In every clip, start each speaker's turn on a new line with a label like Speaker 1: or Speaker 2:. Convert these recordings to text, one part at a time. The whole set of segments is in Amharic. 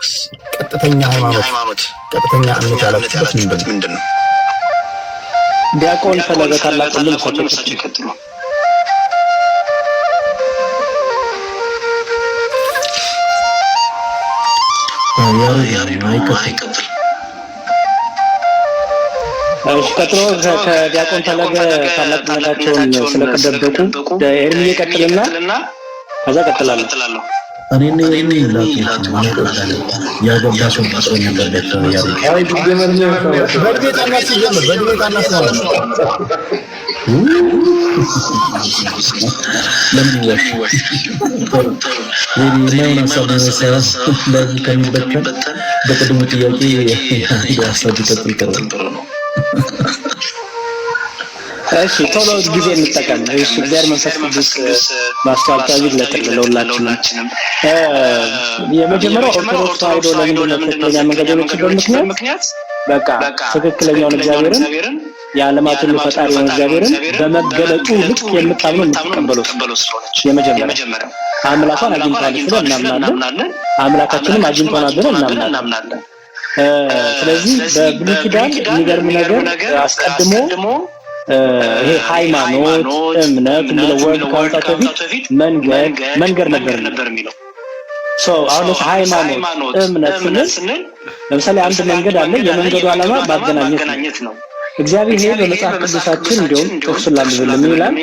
Speaker 1: ኦርቶዶክስ ቀጥተኛ ሃይማኖት ቀጥተኛ እምነት ያላችሁበት ምንድን ነው? ዲያቆን ፈለገ ታላቁልን ከእርሳቸው ይቀጥሉ። ቀጥሎ ከዲያቆን ፈለገ ታላቅነታቸውን ስለተደበቁ ኤርሚዬ ቀጥልና ከዛ ቀጥላለሁ። እኔ ያገባሽው በቅድሙ ጥያቄ እሺ ቶሎ ጊዜ እንጠቀም። እሺ እግዚአብሔር መንፈስ ቅዱስ ማስተዋልታዊ ይግለጥልን ለሁላችንም። የመጀመሪያው ኦርቶዶክስ ተዋሕዶ ለምንድን ነው መንገድ ምክንያት በቃ ትክክለኛውን እግዚአብሔርን የዓለማት ሁሉ ፈጣሪ የሆነ እግዚአብሔርን በመገለጡ ልክ የምታምኑ የምትቀበሉ የመጀመሪያ አምላኳን አግኝቷል ብለን እናምናለን። አምላካችንም አግኝቷናል ብለን እናምናለን። ስለዚህ በብሉይ ኪዳን የሚገርም ነገር አስቀድሞ ይሄ ሃይማኖት እምነት የሚለው ወርድ ከመምጣቱ በፊት መንገድ መንገድ ነበር የሚለው። አሁን ሃይማኖት እምነት ስንል ለምሳሌ አንድ መንገድ አለ። የመንገዱ ዓላማ ማገናኘት ነው። እግዚአብሔር ይሄ በመጽሐፍ ቅዱሳችን እንዲሁም ጥቅሱን ላንብብልም ይላል።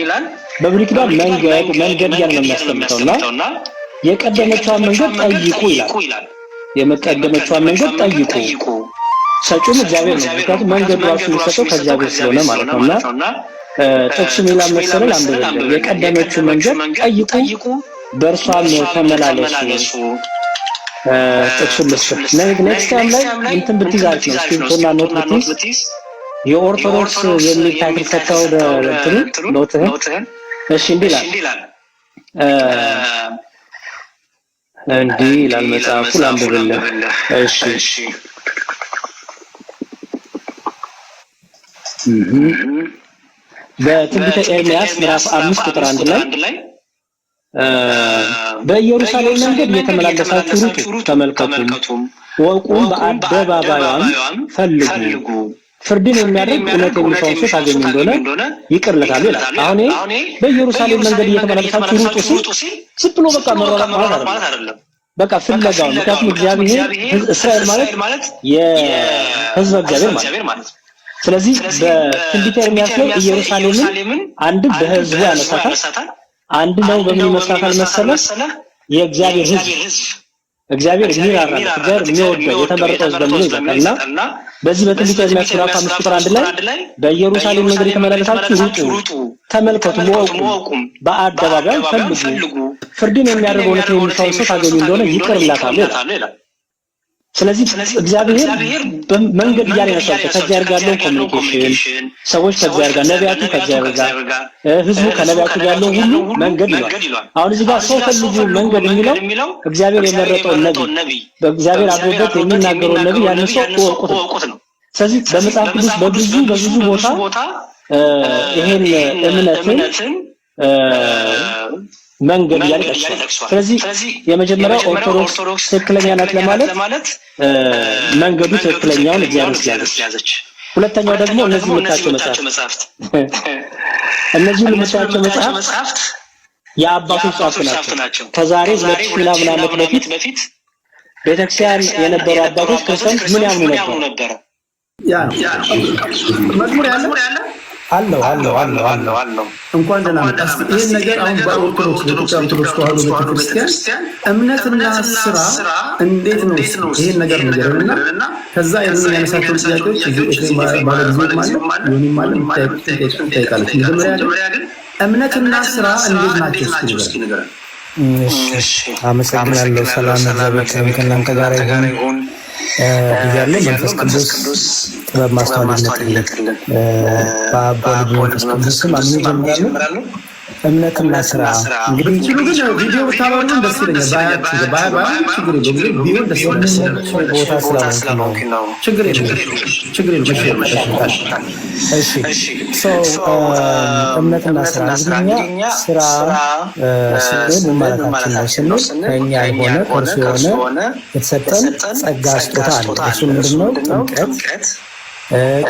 Speaker 1: በብሉይ ኪዳን መንገድ መንገድ እያለ ነው የሚያስቀምጠው እና የቀደመችዋን መንገድ ጠይቁ ይላል። የመቀደመችዋን መንገድ ጠይቁ ሰጪውም እግዚአብሔር ነው። ምክንያቱም መንገዱ ራሱ የሚሰጠው ከእግዚአብሔር ስለሆነ ማለት ነው እና ጥቅሱ ሌላ መሰለል የቀደመችው መንገድ ጠይቁ በእርሷም ተመላለሱ። ጥቅሱን ልስጥህ። ኔክስት ታይም ላይ እንትን ብትይዝ ነው። እስክሪብቶና ኖት ብትይዝ የኦርቶዶክስ የሚል ታይትል ሰጥተው በእንትኑ ኖትህን። እሺ እንዲህ ይላል እንዲህ ይላል መጽሐፉ ላንብብልህ። እሺ በትንቢተ ኤርምያስ ምዕራፍ አምስት ቁጥር አንድ ላይ በኢየሩሳሌም መንገድ እየተመላለሳችሁ ሩጡ፣ ተመልከቱም፣ ወቁም፣ በአደባባዩም ፈልጉ፣ ፍርድን የሚያደርግ እውነት የሚሻውን ሰው ታገኙ እንደሆነ ይቅር ልታሉ ይላል። አሁን በኢየሩሳሌም መንገድ እየተመላለሳችሁ ሩጡ ሲል ዝም ብሎ በቃ መሯሯጥ ማለት አይደለም። በቃ ፍለጋው ምክንያቱም እግዚአብሔር እስራኤል ማለት የህዝብ እግዚአብሔር ማለት ነው። ስለዚህ በትንቢተ ኤርምያስ ላይ ኢየሩሳሌምን አንድ በህዝቡ ያነሳታል፣ አንድ ነው በምን ይመስላታል መሰለ የእግዚአብሔር ህዝብ እግዚአብሔር የሚራራ እግዚአብሔር የሚወደው የተመረጠው ህዝብ በሚል ይዘታል እና በዚህ በትንቢተ ኤርምያስ ምዕራፍ አምስት ቁጥር አንድ ላይ በኢየሩሳሌም መንገድ የተመላለሳችሁ ሩጡ፣ ተመልከቱ፣ ወቁም፣ በአደባባይ ፈልጉ፣ ፍርድን የሚያደርገው እውነትን የሚፋወሰው ታገኙ እንደሆነ ይቅርላታሉ ይላል። ስለዚህ እግዚአብሔር መንገድ እያለ ያሳቸው ከእግዚአብሔር ጋር ያለው ኮሚኒኬሽን ሰዎች ከእግዚአብሔር ጋር ነቢያቱ ከእግዚአብሔር ጋር ህዝቡ ከነቢያቱ ጋር ያለው ሁሉ መንገድ ይሏል። አሁን እዚህ ጋር ሰው ፈልጉ መንገድ የሚለው እግዚአብሔር የመረጠውን ነቢይ በእግዚአብሔር አብሮበት የሚናገረውን ነቢይ ያንን ሰው እወቁት ነው። ስለዚህ በመጽሐፍ ቅዱስ በብዙ በብዙ ቦታ ይሄን እምነትን መንገድ እያለ ጠቅሷል። ስለዚህ የመጀመሪያው ኦርቶዶክስ ትክክለኛ ናት ለማለት መንገዱ ትክክለኛውን እግዚአብሔር ስለያዘች፣ ሁለተኛው ደግሞ እነዚህ የምታቸው መጽሐፍት እነዚህ የምታቸው መጽሐፍት የአባቶች መጽሐፍት ናቸው። ከዛሬ ሁለት ሺህ ምናምን ዓመት በፊት ቤተክርስቲያን የነበሩ አባቶች ክርስቲያኖች ምን ያምኑ ነበር? ያ ነው መዝሙር ያለ አለው አለው አለው አለው አለው። እንኳን ደህና መጣህ። ይህን ነገር አሁን በኦርቶዶክስ በኢትዮጵያ ኦርቶዶክስ ተዋህዶ ቤተክርስቲያን እምነትና ስራ እንዴት ነው ይህን ነገር ነገርና ከዛ የምናነሳቸውን ጥያቄዎች ባለጊዜ ማለት ወይም ማለት ይጠይቃለች። መጀመሪያ ግን እምነትና ስራ እንዴት ናቸው እስኪ ንገረን። አመሰግናለሁ። ሰላም ከእናንተ ጋር ይሁን። እያለ መንፈስ ቅዱስ ጥበብ ማስተዋል ይግለጥልን። በአብ በወልድ በመንፈስ ቅዱስ ስም አሜን። ጀምራለሁ እምነትና ስራ እንግዲህ ችሉ ግን ቪዲዮ ብታበሩን ደስ ይለኛል። ችግር የለውም ቢሆን ደስ ይለኛል። ችግር ችግር እሺ እምነትና ስራ እንግዲህ እኛ ስራ uh, ስንል ምን ማለታችን ነው ስንል ከእኛ የሆነ ከእርሱ የሆነ የተሰጠን ጸጋ ስጦታ አለ። እሱ ምንድነው? ጥምቀት፣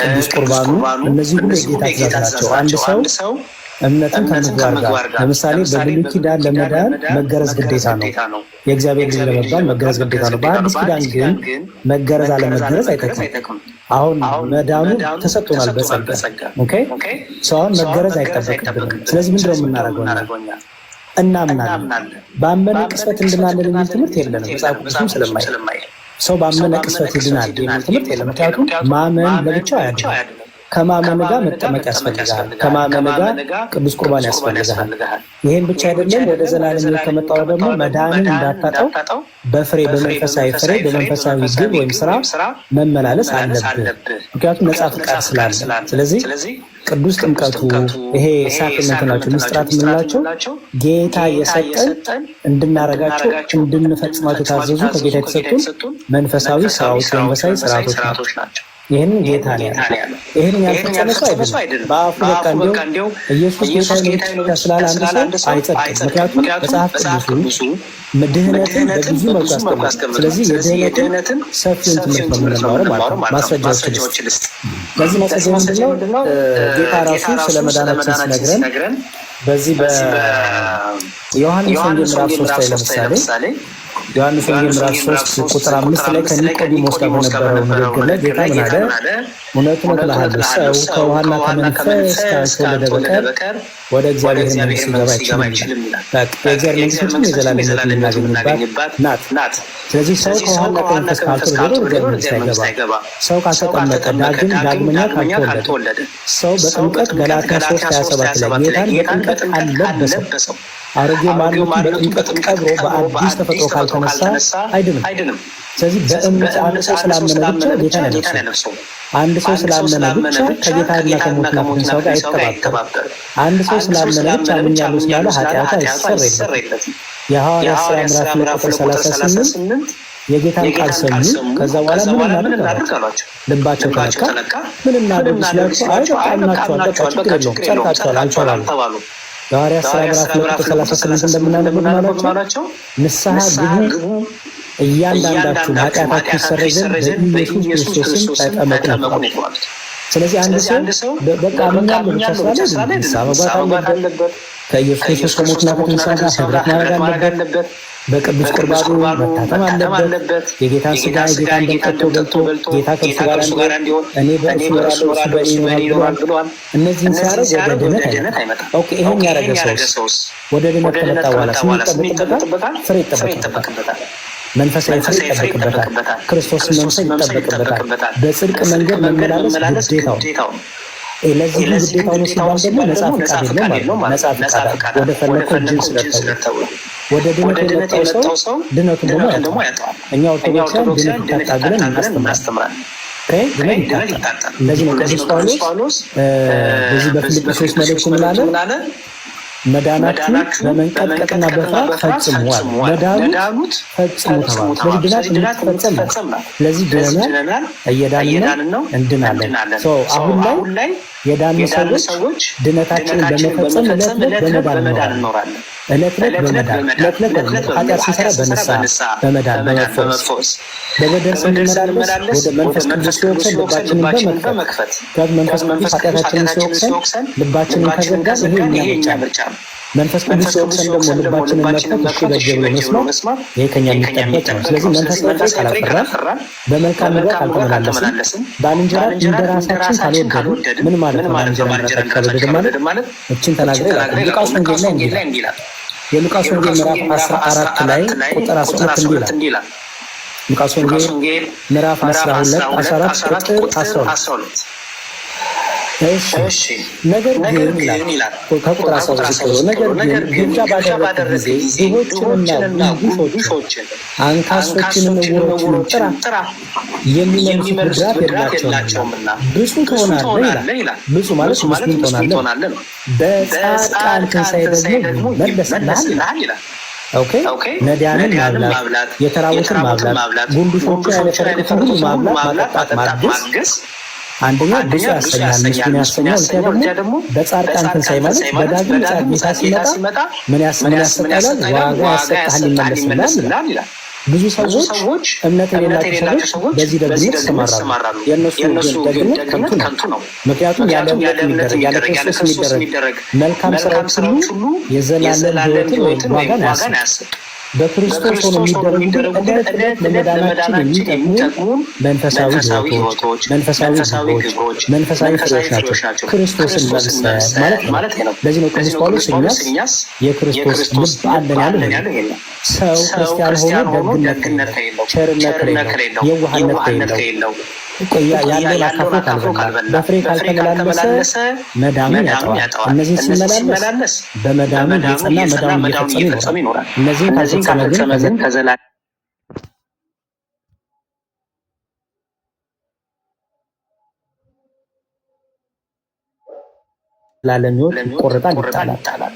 Speaker 1: ቅዱስ ቁርባኑ እነዚህ ሁሉ የጌታ ትእዛዝ ናቸው። አንድ ሰው እምነትን ከምግባር ጋር ለምሳሌ በብሉይ ኪዳን ለመዳን መገረዝ ግዴታ ነው። የእግዚአብሔር ልጅ ለመባል መገረዝ ግዴታ ነው። በአዲስ ኪዳን ግን መገረዝ አለመገረዝ አይጠቅም። አሁን መዳኑ ተሰጥቶናል በጸጋ ሰው አሁን መገረዝ አይጠበቅብንም። ስለዚህ ምንድነው የምናደርገው? እናምናለን። በአመነ ቅስፈት እንድናለን የሚል ትምህርት የለንም መጽሐፍ ቅዱስም ስለማይ ሰው በአመነ ቅስፈት ይድናል የሚል ትምህርት የለም። ምክንያቱም ማመን ለብቻው አያድንም ከማመን ጋር መጠመቅ ያስፈልጋል። ከማመን ጋር ቅዱስ ቁርባን ያስፈልጋል። ይህን ብቻ አይደለም፣ ወደ ዘላለም ከመጣው ደግሞ መዳንን እንዳታጠው በፍሬ በመንፈሳዊ ፍሬ በመንፈሳዊ ግብ ወይም ስራ መመላለስ አለብህ። ምክንያቱም ነጻ ፍቃድ ስላለ። ስለዚህ ቅዱስ ጥምቀቱ ይሄ ሳክሪመንት ናቸው፣ ምስጢራት የምንላቸው ጌታ የሰጠን እንድናረጋቸው እንድንፈጽማቸው ታዘዙ ከጌታ የተሰጡን መንፈሳዊ ስራዎች፣ መንፈሳዊ ስርዓቶች ናቸው። ይህን ጌታ ነው ያለው። ይህን ያልፈጸመ አይደለም። በአፉ በቃ እንዲሁም ኢየሱስ ጌታ ነው ስላለ አንድ ሰው አይጸድቅም። ምክንያቱም መጽሐፍ ቅዱሱ ድህነትን በብዙ መልኩ አስቀምጧል። ስለዚህ የድህነትን ሰፊውን ትምህርት በምንማረው ማለት ነው ማስረጃዎች ልስጥ። በዚህ ማስረጃ ምንድነው ጌታ ራሱ ስለ መዳናችን ሲነግረን በዚህ በዮሐንስ ወንጌል ምዕራፍ ሶስት ላይ ለምሳሌ ዮሐንስ ወንጌል ምዕራፍ 3 ቁጥር 5 ላይ ከኒቆዲሞስ ጋር በነበረው ንግግር ላይ ጌታ ምን አለ? እውነት እውነት እልሃለሁ ሰው ከውሃና ከመንፈስ ካልተወለደ በቀር ወደ እግዚአብሔር መንግሥት ሊገባ አይችልም ይላል። የእግዚአብሔር መንግሥት የዘላለም የምናገኝባት ናት። ስለዚህ ሰው ከውሃና ከመንፈስ ካልተወለደ ወደ እግዚአብሔር መንግሥት ሰው ካልተጠመቀ ዳግም ዳግመኛ ካልተወለደ ሰው በጥምቀት ገላትያ 3 ላይ ጌታን በጥምቀት አለበሰው አሮጌ ማንነቱን በጥምቀት ቀብሮ በአዲስ ተፈጥሮ ካልተነሳ አይድንም። ስለዚህ በእምነት አንድ ሰው ስላመነ ብቻ ጌታን አይለብሰው። አንድ ሰው ስላመነ ብቻ ከጌታና ከሞትና ሰው ጋር አይተባበርም። አንድ ሰው ስላመነ ብቻ አምኛለሁ ስላለ ኃጢአቱ አይሰረይለትም። የሐዋርያት ስራ ምዕራፍ ቁጥር ሰላሳ ስምንት የጌታን ቃል ሰሙ። ከዛ በኋላ ምን እናድርግ አሏቸው። ልባቸው ተነካ። ምን እናድርግ ስላቸው አይ በቃ አምናችኋል፣ በቃ ችግር የለውም፣ ጸድቃችኋል አልተባሉም። ሐዋርያት ሥራ ምዕራፍ ሁለት ሰላሳ ስምንት እንደምናነብ ማለት ንስሐ ግቡ እያንዳንዳችሁ ኃጢአታችሁ ይሰረይ ዘንድ በኢየሱስ ክርስቶስ ተጠመቁ ስለዚህ አንድ ሰው በቃ ምናምን ብቻ ንስሐ መግባት አለበት። ከኢየሱስ ክርስቶስ ከሞትና ከትንሣኤ ጋር ህብረት ማድረግ አለበት። በቅዱስ ቁርባኑ መታተም አለበት። የጌታን ስጋ የጌታን እንደቀቶ በልቶ ጌታ ከእርሱ ጋር እንዲሆን እኔ በእርሱ ራሱ እርሱ በእኔ ይኖራል ብሏል። እነዚህን ሲያደርግ ወደ ድነት አይመጣም። ይህን ያደረገ ሰውስ ወደ ድነት ከመጣ በኋላ ስም ይጠበቅበታል፣ ፍሬ ይጠበቅበታል፣ መንፈሳዊ ፍሬ ይጠበቅበታል፣ ክርስቶስ መምሰል ይጠበቅበታል፣ በጽድቅ መንገድ መመላለስ ግዴታው ለዚህ ግዴታው ነው ሲባል ደግሞ ነጻ ፈቃድ የለውም ማለት ነጻ ፈቃድ ወደ ፈለግከው እጅን ስለተው ወደ ድነት የመጣው ሰው ድነቱን ደግሞ ያጣዋል። እኛ ኦርቶዶክሳን ድነት ይታጣል ብለን እናስተምራለን። ለዚህ ነው ቅዱስ ጳውሎስ በዚህ በፊልጵሶስ መልእክቱ ምን አለ? መዳናችሁ በመንቀጥቀጥና በፍርሃት ፈጽሟል። መዳኑት ፈጽሙ ተባለ። ለዚህ ድናት እንድትፈጸም ናት። ለዚህ ድነናል፣ እየዳንን ነው፣ እንድናለን። አሁን ላይ የዳኑ ሰዎች ድነታችንን በመፈጸም ዕለት ዕለት በመዳን እንኖራለን። ዕለት ዕለት በመዳን ዕለት ዕለት ኃጢአት ስንሰራ በንስሐ በመዳን በመፈወስ በበደል ስንመላለስ ወደ መንፈስ ቅዱስ ሲወቅሰን ልባችንን በመክፈት ከመንፈስ ቅዱስ ኃጢአታችንን ሲወቅሰን ልባችንን ከዘጋ ይሄ እኛ ምርጫ ነው። መንፈስ ቅዱስ ሲወቅሰን ደግሞ ልባችን መክፈት እሺ በጀ ብሎ መስማት ይህ ከኛ የሚጠበቅ ነው። ስለዚህ መንፈስ ቅዱስ ካላፈራን በመልካም ነገር ካልተመላለስን ባልንጀራ እንደ ራሳችን ካልወደድን ምን ማለት ነው? ባልንጀራ ራሳችን ማለት እችን ተናግረ ሉቃስ ወንጌል ላይ እንዲህ የሉቃስ ወንጌል ምዕራፍ 14 ላይ ቁጥር 12 እንዲህ ይላል። ሉቃስ ወንጌል ምዕራፍ 12 14 ቁጥር 12 እሺ ነገር ግን ይላል ከቁጥር አስራ ሶስት ነገር ግን ግብዣ ባደረገ ጊዜ ድሆችንና ጉሾችን አንካሶችንም ዕውሮችንም ጥራ፣ የሚመልሱት ብድራት የላቸውምና ብፁ ትሆናለህ ይላል። ብፁ ማለት ምስጉን ትሆናለህ ነው። በጻድቃን ትንሣኤ ደግሞ ይመለስልሃል ይላል። ነዳያንን ማብላት፣ የተራቡትን ማብላት፣ ጉንዱሾቹ ያለፈረዱትን ሁሉ ማብላት፣ ማጠጣት፣ ማገስ አንደኛ ብፁዕ ያሰኛል፣ ምስኪን ያሰኛል። እዚያ ደግሞ በጻድቃን ትንሣኤ ማለት በዳግም ጌታ ሲመጣ ምን ያሰጣላል? ዋጋ ያሰጣል ይመለስላል ይላል። ብዙ ሰዎች እምነት የሌላቸው ሰዎች በዚህ ደግነት ይሰማራሉ። የእነሱ ግን ደግነት ከንቱ ነው፣ ምክንያቱም ያለ እምነት የሚደረግ ያለ ክርስቶስ የሚደረግ መልካም ስራዎች ሁሉ የዘላለም ሕይወትን ወይም ዋጋን አያሰጡም። በክርስቶስ ሆኖ የሚደረጉ ለመዳናችን የሚጠቅሙ መንፈሳዊ ሕይወቶች፣ መንፈሳዊ ግብሮች፣ መንፈሳዊ ፍሬዎች ናቸው። ክርስቶስን መምሰል ማለት ነው። ለዚህ ነው ቅዱስ ጳውሎስ እኛስ የክርስቶስ ልብ አለን ያለው። ሰው ክርስቲያን ሆኖ ደግነት ከሌለው፣ ቸርነት ከሌለው፣ የዋህነት ከሌለው በፍሬ ካልተመላለሰ መዳሙ ያጠዋል። እነዚህን ሲመላለስ በመዳሙ እየጸና መዳሙ እየፈጸመ ይኖራል። እነዚህን ካልፈጸመ ግን ላለሚወድ ይቆርጣል፣ ይጣላል።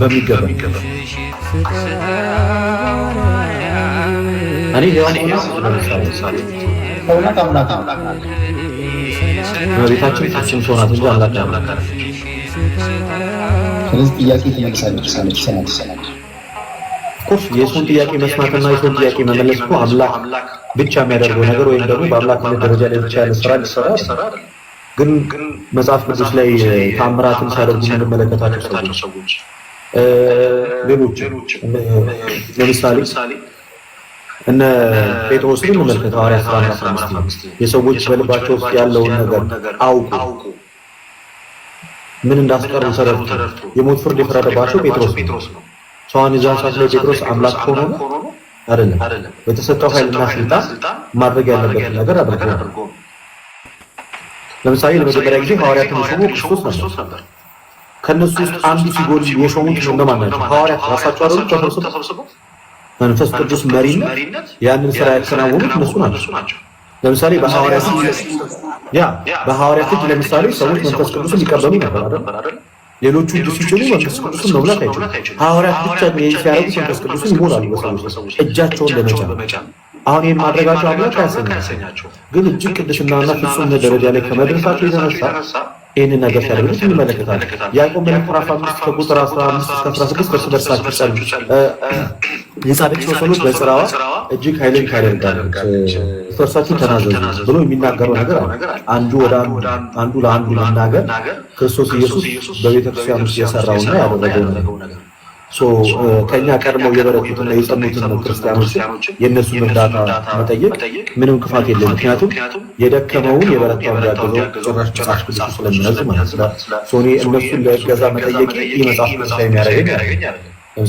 Speaker 1: በሚገባ ቤታችን እንጂ አምላክ አምላክ አለ። ስለዚህ ጥያቄ ትመልሳለች ሳለች ኦፍኮርስ የእሱን ጥያቄ መስማትና የሰውን ጥያቄ መመለስ እኮ አምላክ ብቻ የሚያደርገው ነገር ወይም ደግሞ በአምላክነት ደረጃ ላይ ብቻ ያለ ስራ ሊሰራ ግን መጽሐፍ ቅዱስ ላይ ታምራትን ሲያደርጉ የምንመለከታቸው ሰዎች ሌሎች ለምሳሌ እነ ጴጥሮስ እንመልከት። ሐዋርያ ሥራ ምዕራፍ አምስት የሰዎች በልባቸው ውስጥ ያለውን ነገር አውቁ ምን እንዳስቀሩ ተረድቶ የሞት ፍርድ የፈረደባቸው ጴጥሮስ ነው። ሰዋን ይዛ ሰዓት ላይ ጴጥሮስ አምላክ ሆኖ አይደለም፣ በተሰጠው ኃይልና ስልጣን ማድረግ ያለበት ነገር አድርጎ ለምሳሌ ለመጀመሪያ ጊዜ ሐዋርያትን ሹሞ ክርስቶስ ነበር። ከእነሱ ውስጥ አንዱ ሲጎል የሾሙት ነው እነማን ናቸው? ሐዋርያት ራሳቸው አይደሉ? ተሰብስቦ መንፈስ ቅዱስ መሪነት ያንን ስራ ያከናወኑት እነሱ ናቸው። ለምሳሌ በሐዋርያት ያ በሐዋርያት እጅ ለምሳሌ ሰዎች መንፈስ ቅዱስን ሊቀበሉ ነበር አይደል? ሌሎቹ እጅ ሲጭኑ መንፈስ ቅዱስን መብላት አይችሉም። ሐዋርያት ብቻ ሲያደርጉት መንፈስ ቅዱስን ይሞላሉ በሰዎች እጃቸውን ለመጫን አሁን ይህን ማድረጋቸው አምላክ አያሰኛቸው። ግን እጅግ ቅድስናና ፍጹምነት ደረጃ ላይ ከመድረሳቸው የተነሳ ይህንን ነገር ሲያደርጉት እንመለከታለን። ያዕቆብ መልእክት ምዕራፍ አምስት ከቁጥር አስራ አምስት እስከ አስራ ስድስት እርስ በርሳችሁ ጸልዩ፣ የጻድቅ ሰው ጸሎት በስራዋ እጅግ ኃይልን ታደርጋለች፣ እርስ በርሳችሁ ተናዘዙ ብሎ የሚናገረው ነገር አለ። አንዱ ወደ አንዱ ለአንዱ መናገር ክርስቶስ ኢየሱስ በቤተክርስቲያን ውስጥ የሰራውና ያደረገው ነገር ከኛ ቀድመው የበረቱትና የጸኑትን ነው ክርስቲያኖች የእነሱን እርዳታ መጠየቅ ምንም ክፋት የለም። ምክንያቱም የደከመውን የበረታው እንዲያገዘው ጭራሽ መጽሐፍ ቅዱስ ስለሚያዝ ማለት ነው። ሶኒ እነሱን ለእገዛ መጠየቅ ይህ መጽሐፍ ቅዱስ ላይ የሚያደርገኝ